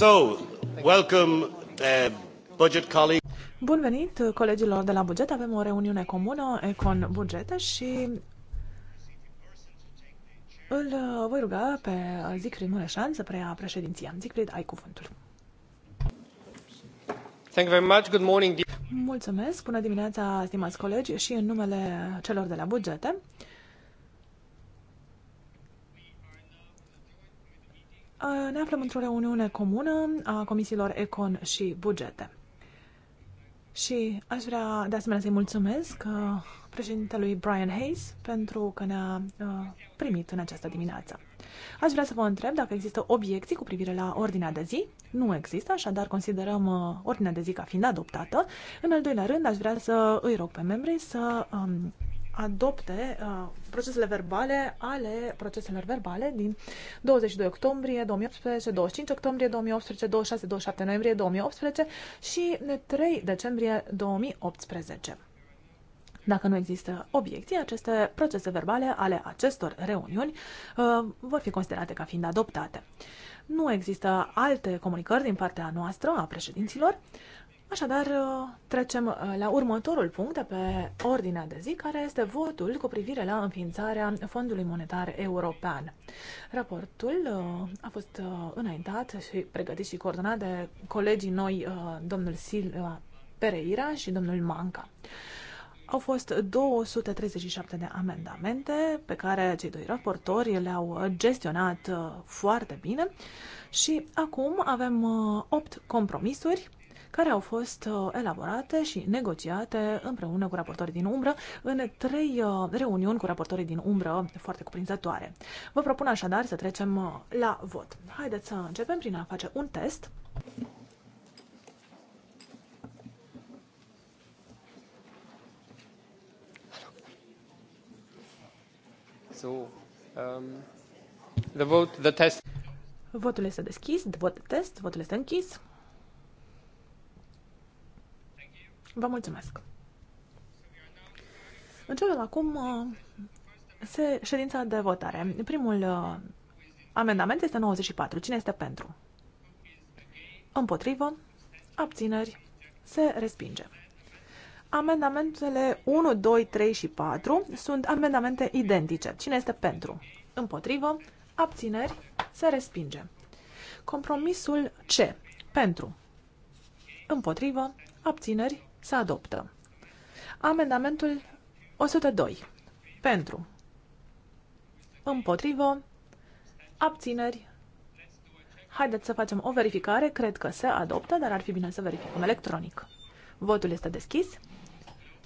Uh, Bun venit colegilor de la buget. Avem o reuniune comună, Econ Bugete și îl uh, voi ruga pe Zicfried Mureșan să preia președinția. Zicfried, ai cuvântul. Thank you very much. Good morning. Mulțumesc. Bună dimineața, stimați colegi și în numele celor de la bugete. Uh, ne aflăm într-o reuniune comună a comisiilor Econ și Bugete. Și aș vrea de asemenea să-i mulțumesc uh, președintelui Brian Hayes pentru că ne-a uh, primit în această dimineață. Aș vrea să vă întreb dacă există obiecții cu privire la ordinea de zi. Nu există, așadar considerăm ordinea de zi ca fiind adoptată. În al doilea rând, aș vrea să îi rog pe membrii să um, adopte uh, procesele verbale ale proceselor verbale din 22 octombrie 2018, 25 octombrie 2018, 26, 27 noiembrie 2018 și 3 decembrie 2018. Dacă nu există obiecții, aceste procese verbale ale acestor reuniuni uh, vor fi considerate ca fiind adoptate. Nu există alte comunicări din partea noastră a președinților, Așadar, uh, trecem uh, la următorul punct de pe ordinea de zi, care este votul cu privire la înființarea Fondului Monetar European. Raportul uh, a fost înaintat și pregătit și coordonat de colegii noi, domnul Silva Pereira și domnul Manca. Au fost 237 de amendamente pe care cei doi raportori le-au gestionat foarte bine și acum avem 8 compromisuri care au fost uh, elaborate și negociate împreună cu raportorii din umbră în trei uh, reuniuni cu raportorii din umbră foarte cuprinzătoare. Vă propun așadar să trecem uh, la vot. Haideți să începem prin a face un test. So, um, the vote, the test. Votul este deschis, vot test, votul este închis. Vă mulțumesc! Începem acum uh, se, ședința de votare. Primul uh, amendament este 94. Cine este pentru? Împotrivă? Abțineri? Se respinge. Amendamentele 1, 2, 3 și 4 sunt amendamente identice. Cine este pentru? Împotrivă? Abțineri? Se respinge. Compromisul C. Pentru. Împotrivă? Abțineri? Se adoptă. Amendamentul 102. Pentru. Împotrivă. Abțineri. Haideți să facem o verificare. Cred că se adoptă, dar ar fi bine să verificăm electronic. Votul este deschis.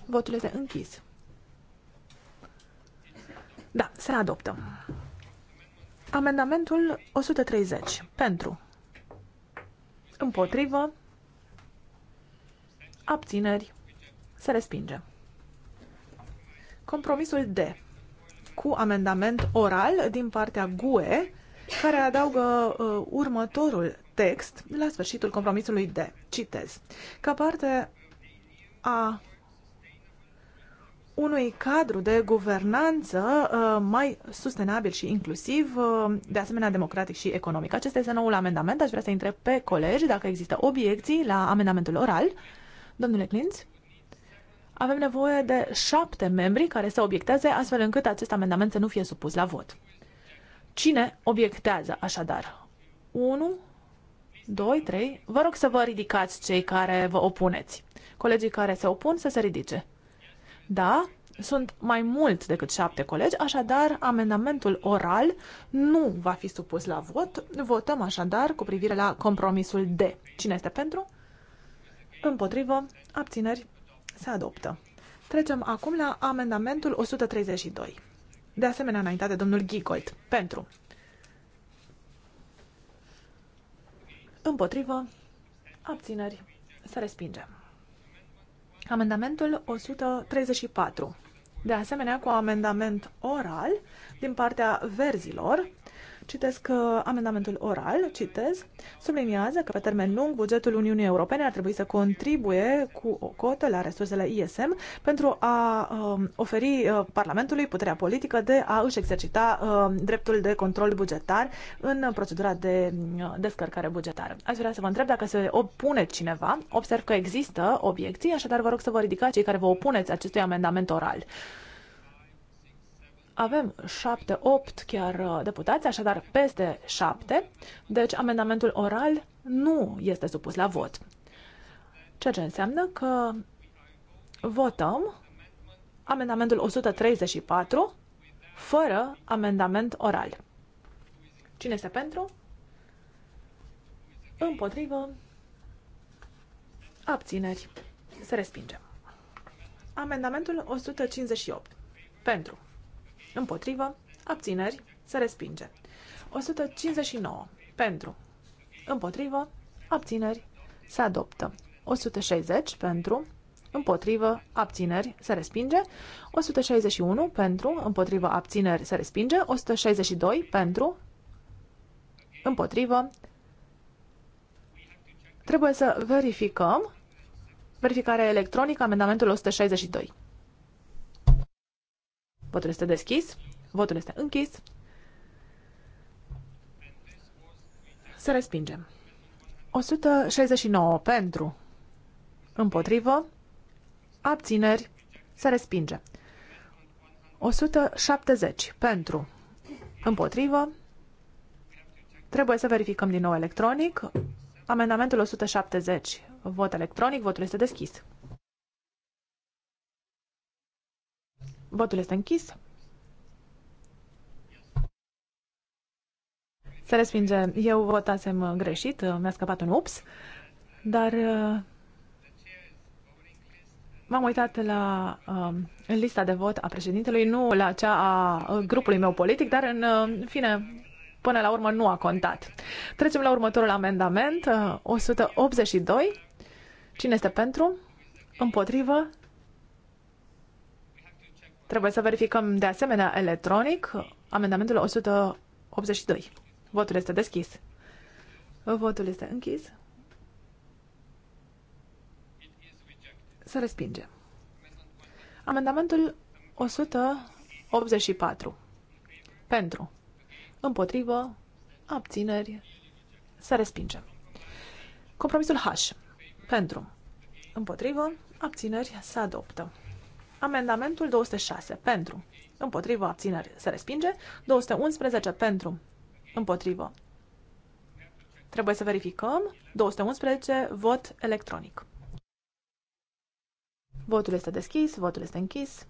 Votul este închis. Da, se adoptă. Amendamentul 130. Pentru. Împotrivă abțineri, se respinge. Compromisul D, cu amendament oral din partea GUE, care adaugă uh, următorul text la sfârșitul compromisului D. Citez. Ca parte a unui cadru de guvernanță uh, mai sustenabil și inclusiv, uh, de asemenea democratic și economic. Acesta este noul amendament. Aș vrea să întreb pe colegi dacă există obiecții la amendamentul oral. Domnule Clinț, avem nevoie de șapte membri care să obiecteze astfel încât acest amendament să nu fie supus la vot. Cine obiectează așadar? 1, 2, 3. Vă rog să vă ridicați cei care vă opuneți. Colegii care se opun să se ridice. Da, sunt mai mult decât șapte colegi, așadar amendamentul oral nu va fi supus la vot. Votăm așadar cu privire la compromisul D. Cine este pentru? Împotrivă. Abțineri. Se adoptă. Trecem acum la amendamentul 132. De asemenea, înainte de domnul Gigold. Pentru. Împotrivă. Abțineri. Se respinge. Amendamentul 134. De asemenea, cu amendament oral din partea verzilor, Citesc uh, amendamentul oral, citez, subliniază că pe termen lung bugetul Uniunii Europene ar trebui să contribuie cu o cotă la resursele ISM pentru a um, oferi uh, Parlamentului puterea politică de a își exercita uh, dreptul de control bugetar în procedura de uh, descărcare bugetară. Aș vrea să vă întreb dacă se opune cineva. Observ că există obiecții, așadar vă rog să vă ridicați cei care vă opuneți acestui amendament oral. Avem șapte, opt chiar uh, deputați, așadar peste șapte, deci amendamentul oral nu este supus la vot. Ceea ce înseamnă că votăm amendamentul 134 fără amendament oral. Cine este pentru? Împotrivă? Abțineri. Se respinge. Amendamentul 158. Pentru. Împotrivă. Abțineri. Se respinge. 159. Pentru. Împotrivă. Abțineri. Se adoptă. 160 pentru, împotrivă, abțineri, se respinge. 161 pentru, împotrivă, abțineri, se respinge. 162 pentru, împotrivă. Trebuie să verificăm. Verificare electronică, amendamentul 162. Votul este deschis. Votul este închis. Să respingem. 169 pentru, împotrivă, abțineri, se respinge. 170 pentru, împotrivă, trebuie să verificăm din nou electronic. Amendamentul 170, vot electronic, votul este deschis. Votul este închis. Se respinge. Eu votasem greșit, mi-a scăpat un ups, dar uh, m-am uitat la uh, lista de vot a președintelui, nu la cea a grupului meu politic, dar în uh, fine, până la urmă nu a contat. Trecem la următorul amendament, uh, 182. Cine este pentru? Împotrivă? Trebuie să verificăm de asemenea electronic amendamentul 182. Votul este deschis. Votul este închis. Se respinge. Amendamentul 184. Pentru. Împotrivă. Abțineri. Se respinge. Compromisul H. Pentru. Împotrivă. Abțineri. Se adoptă. Amendamentul 206 pentru, împotrivă, abțineri, se respinge. 211 pentru, împotrivă. Trebuie să verificăm. 211, vot electronic. Votul este deschis, votul este închis.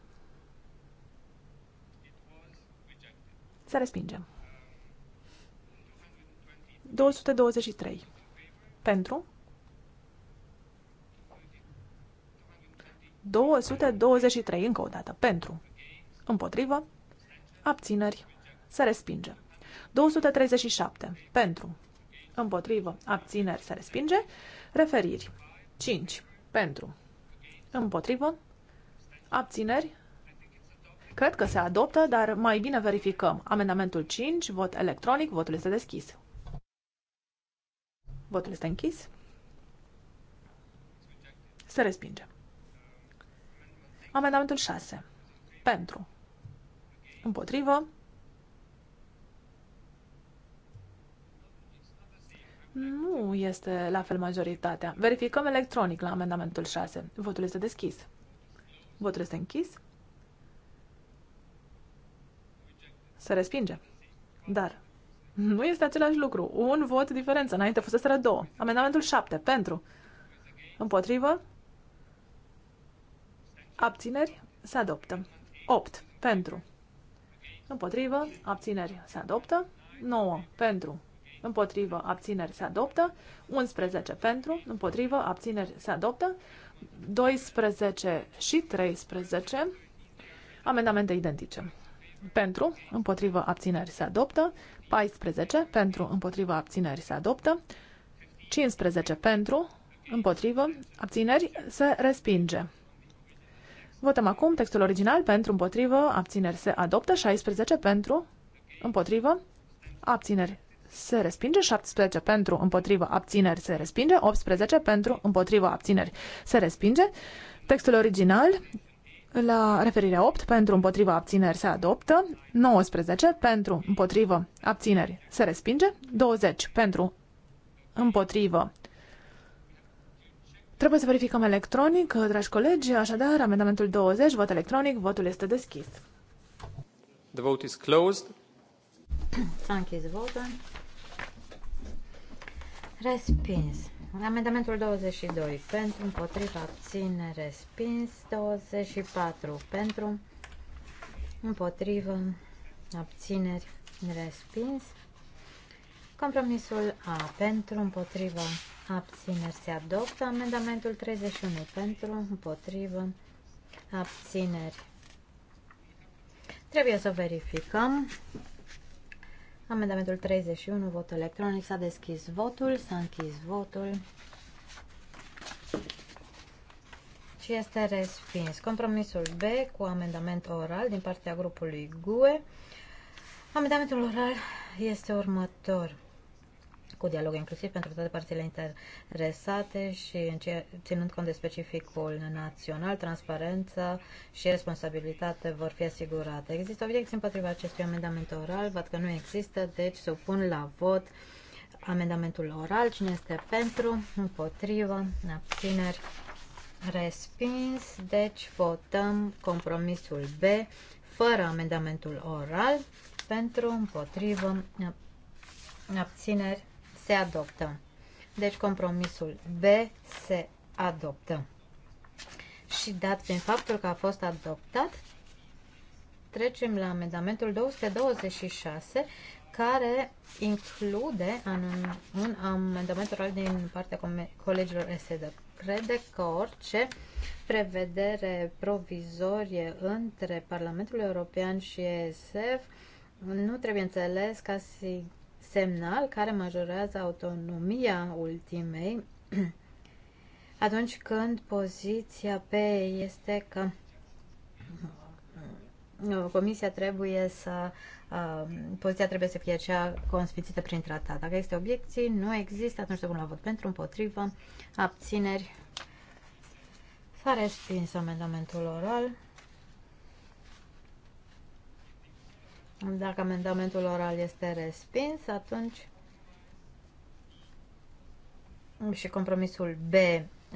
Se respinge. 223. Pentru, 223 încă o dată. Pentru. Împotrivă. Abțineri. Se respinge. 237. Pentru. Împotrivă. Abțineri. Se respinge. Referiri. 5. Pentru. Împotrivă. Abțineri. Cred că se adoptă, dar mai bine verificăm. Amendamentul 5, vot electronic, votul este deschis. Votul este închis. Se respinge. Amendamentul 6. Pentru. Împotrivă. Nu este la fel majoritatea. Verificăm electronic la amendamentul 6. Votul este deschis. Votul este închis. Se respinge. Dar nu este același lucru. Un vot diferență. Înainte fusese două. Amendamentul 7. Pentru. Împotrivă. Abțineri se adoptă. 8 pentru. Împotrivă. Abțineri se adoptă. 9 pentru. Împotrivă. Abțineri se adoptă. 11 pentru. Împotrivă. Abțineri se adoptă. 12 și 13. Amendamente identice. Pentru, împotrivă, abțineri se adoptă. 14, pentru, împotrivă, abțineri se adoptă. 15, pentru, împotrivă, abțineri se respinge. Votăm acum textul original pentru împotrivă, abțineri se adoptă, 16 pentru împotrivă, abțineri se respinge, 17 pentru împotrivă, abțineri se respinge, 18 pentru împotrivă, abțineri se respinge. Textul original la referirea 8 pentru împotrivă abțineri se adoptă, 19 pentru împotrivă abțineri se respinge, 20 pentru împotrivă Trebuie să verificăm electronic, dragi colegi, așadar, amendamentul 20, vot electronic, votul este deschis. The vote is closed. S-a închis votul. Respins. Amendamentul 22 pentru, împotriva, abține, respins. 24 pentru, împotrivă, abțineri, respins. Compromisul A pentru, împotriva, abțineri se adoptă. Amendamentul 31 pentru, împotrivă, abțineri. Trebuie să verificăm. Amendamentul 31, vot electronic. S-a deschis votul, s-a închis votul și este respins. Compromisul B cu amendament oral din partea grupului GUE. Amendamentul oral este următor cu dialog inclusiv pentru toate părțile interesate și ținând cont de specificul național, transparență și responsabilitate vor fi asigurate. Există obiecții împotriva acestui amendament oral? Văd că nu există, deci supun la vot amendamentul oral. Cine este pentru? Împotrivă? Abțineri? Respins. Deci votăm compromisul B fără amendamentul oral pentru, împotrivă, abțineri se adoptă. Deci compromisul B se adoptă. Și dat prin faptul că a fost adoptat, trecem la amendamentul 226, care include anum, un amendament oral din partea colegilor SED. Crede că orice prevedere provizorie între Parlamentul European și ESF nu trebuie înțeles ca semnal care majorează autonomia ultimei atunci când poziția P este că uh, Comisia trebuie să uh, poziția trebuie să fie cea consfințită prin tratat. Dacă este obiecții, nu există, atunci depun la vot pentru, împotrivă, abțineri. S-a respins amendamentul oral. Dacă amendamentul oral este respins, atunci și compromisul B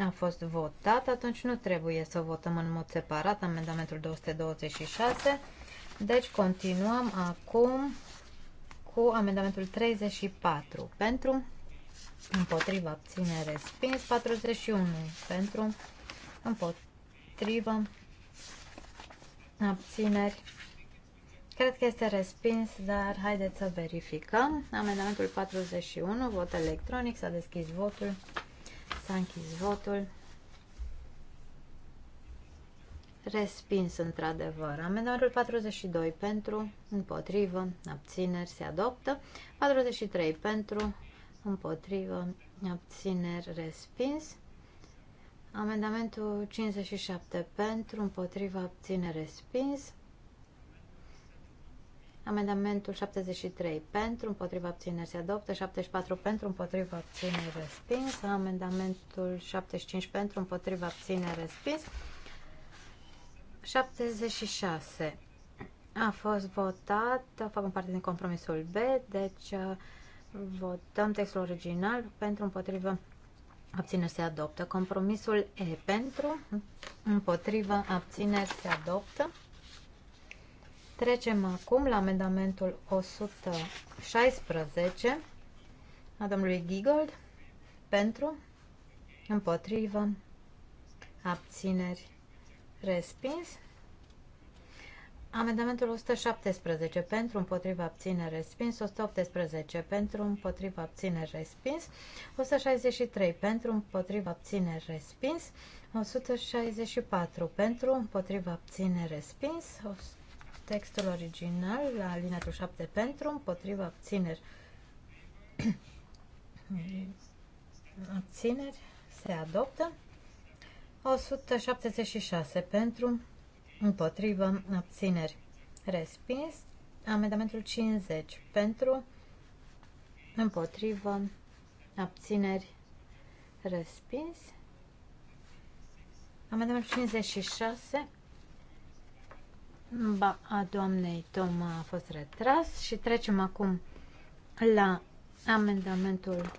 a fost votat, atunci nu trebuie să votăm în mod separat amendamentul 226. Deci continuăm acum cu amendamentul 34 pentru împotriva abține respins 41 pentru împotriva abțineri Cred că este respins, dar haideți să verificăm. Amendamentul 41, vot electronic, s-a deschis votul, s-a închis votul. Respins într-adevăr. Amendamentul 42 pentru, împotrivă, abțineri, se adoptă. 43 pentru, împotrivă, abțineri, respins. Amendamentul 57 pentru, împotrivă, abțineri, respins. Amendamentul 73 pentru, împotriva abțineri se adoptă, 74 pentru, împotriva abțineri respins, amendamentul 75 pentru, împotriva abțineri respins, 76 a fost votat, facem parte din compromisul B, deci uh, votăm textul original pentru, împotriva abțineri se adoptă, compromisul E pentru, împotriva abțineri se adoptă, Trecem acum la amendamentul 116 a domnului Giggold pentru, împotrivă, abțineri, respins. Amendamentul 117 pentru împotriva abținere respins, 118 pentru împotriva abținere respins, 163 pentru împotriva abținere respins, 164 pentru împotriva abținere respins, textul original la alineatul 7 pentru, împotriva abțineri. abțineri se adoptă. 176 pentru, împotriva abțineri. Respins. Amendamentul 50 pentru, împotriva abțineri. Respins. Amendamentul 56 Ba, a doamnei Toma a fost retras și trecem acum la amendamentul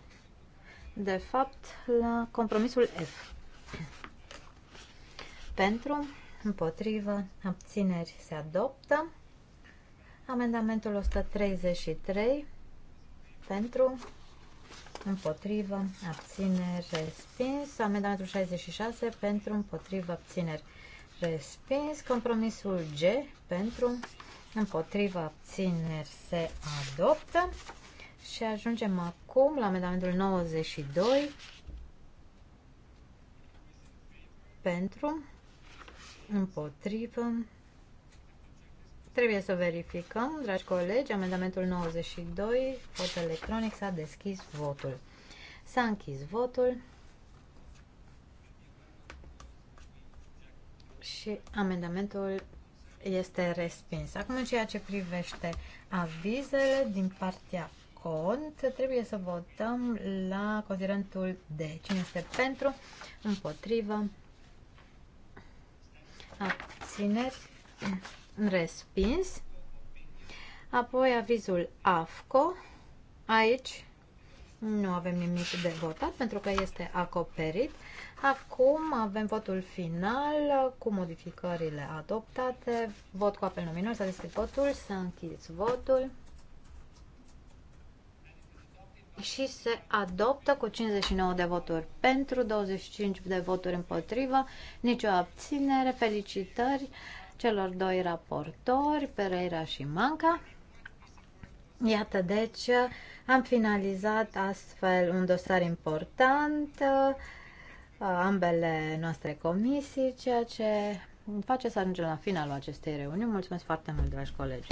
de fapt la compromisul F. Pentru, împotrivă, abțineri se adoptă. Amendamentul 133 pentru, împotrivă, abțineri respins. Amendamentul 66 pentru, împotrivă, abțineri respins. Compromisul G pentru împotriva abțineri se adoptă. Și ajungem acum la amendamentul 92 pentru împotrivă. Trebuie să verificăm, dragi colegi, amendamentul 92, vot electronic, s-a deschis votul. S-a închis votul. și amendamentul este respins. Acum, în ceea ce privește avizele din partea cont, trebuie să votăm la considerentul D. Cine este pentru, împotrivă, abțineri, respins. Apoi avizul AFCO. Aici nu avem nimic de votat pentru că este acoperit. Acum avem votul final cu modificările adoptate. Vot cu apel nominal. S-a deschis votul. Să închideți votul. Și se adoptă cu 59 de voturi pentru, 25 de voturi împotrivă, nicio abținere. Felicitări celor doi raportori, Pereira și Manca. Iată, deci, am finalizat astfel un dosar important ambele noastre comisii, ceea ce face să ajungem la finalul acestei reuniuni. Mulțumesc foarte mult, dragi colegi!